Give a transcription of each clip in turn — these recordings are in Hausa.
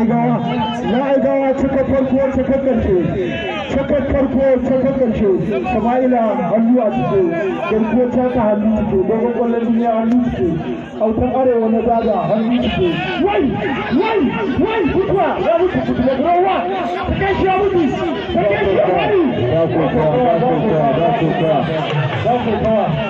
aigawa na aigawa cikar farko cikar karshe cikar farko cikar karshe sama'ila hannu a cike garkuwa taka hannu cike dogon kwallon duniya hannu cike autan arewa na zaga hannu cike wai wai wai mutuwa ya mutu kudu da rawa ta kai shi ya mutu ta kai shi ya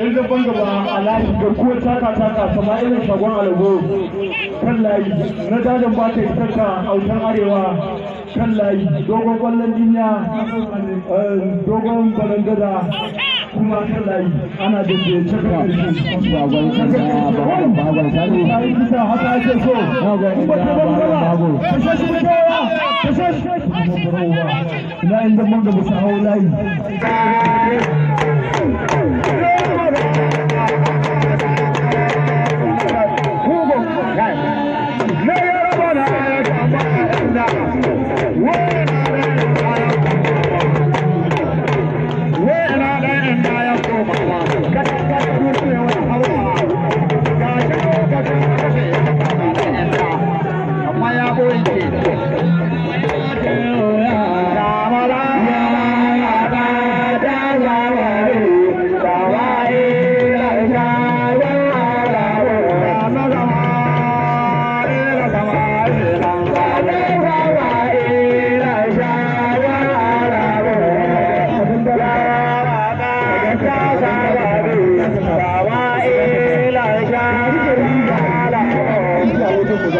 yan zaban gaba a layi garkuwar taka taka sama irin shagon alago kan layi na dajin ba ta fitarka autar arewa kan layi dogon kwallon dinya eh, dogon balangada kuma kan layi ana da ke cika bagon kasa bagon bagon sani yi bisa haka ake so bagon kasa bagon gaba kasa shi mutuwa kasa shi mutuwa layin zaman gaba sa hau layi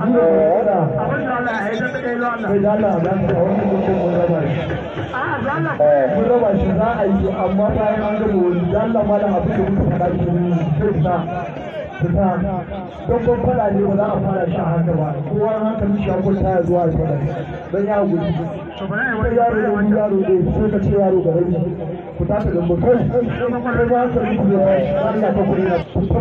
raba shi za a yi amma bayan an gama wani dalla ma da abin da muka faɗa shi zai fita fita don ban faɗa ne za fara a haka ba kowa hankali shi akwai taya zuwa shi faɗa don ya guji sai yaro da ga rai ku